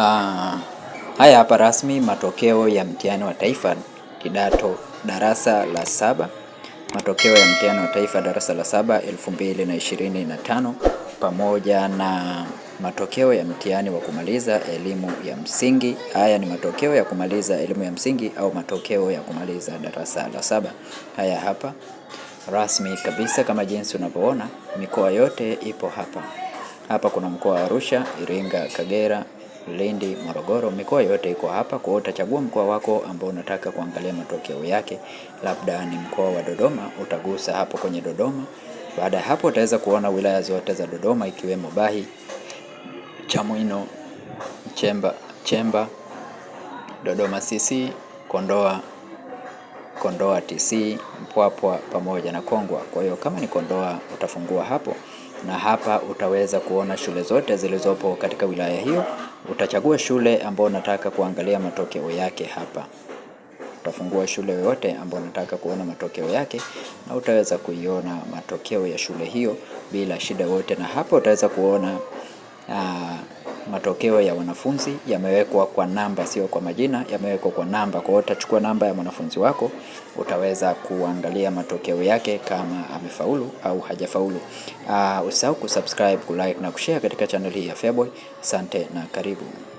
Aa, ah, haya hapa rasmi matokeo ya mtihani wa taifa kidato darasa la saba, matokeo ya mtihani wa taifa darasa la saba tano pamoja na matokeo ya mtihani wa kumaliza elimu ya msingi. Haya ni matokeo ya kumaliza elimu ya msingi au matokeo ya kumaliza darasa la saba. Haya hapa rasmi kabisa kama jinsi unavyoona, mikoa yote ipo hapa. Hapa kuna mkoa wa Arusha, Iringa, Kagera Lindi, Morogoro, mikoa yote iko hapa. Kwa hiyo utachagua mkoa wako ambao unataka kuangalia matokeo yake, labda ni mkoa wa Dodoma, utagusa hapo kwenye Dodoma. Baada ya hapo utaweza kuona wilaya zote za Dodoma ikiwemo Bahi, Chamwino, Chemba, Chemba, Dodoma CC, Kondoa Kondoa TC, Mpwapwa pamoja na Kongwa. Kwa hiyo kama ni Kondoa utafungua hapo na hapa utaweza kuona shule zote zilizopo katika wilaya hiyo. Utachagua shule ambayo unataka kuangalia matokeo yake hapa. Utafungua shule yoyote ambayo unataka kuona matokeo yake na utaweza kuiona matokeo ya shule hiyo bila shida yoyote, na hapa utaweza kuona aa, ah, matokeo ya wanafunzi yamewekwa kwa namba, sio kwa majina, yamewekwa kwa namba. Kwa hiyo utachukua namba ya mwanafunzi wako, utaweza kuangalia matokeo yake kama amefaulu au hajafaulu. Uh, ah, usahau kusubscribe, kulike na kushare katika channel hii ya Feaboy. Asante na karibu.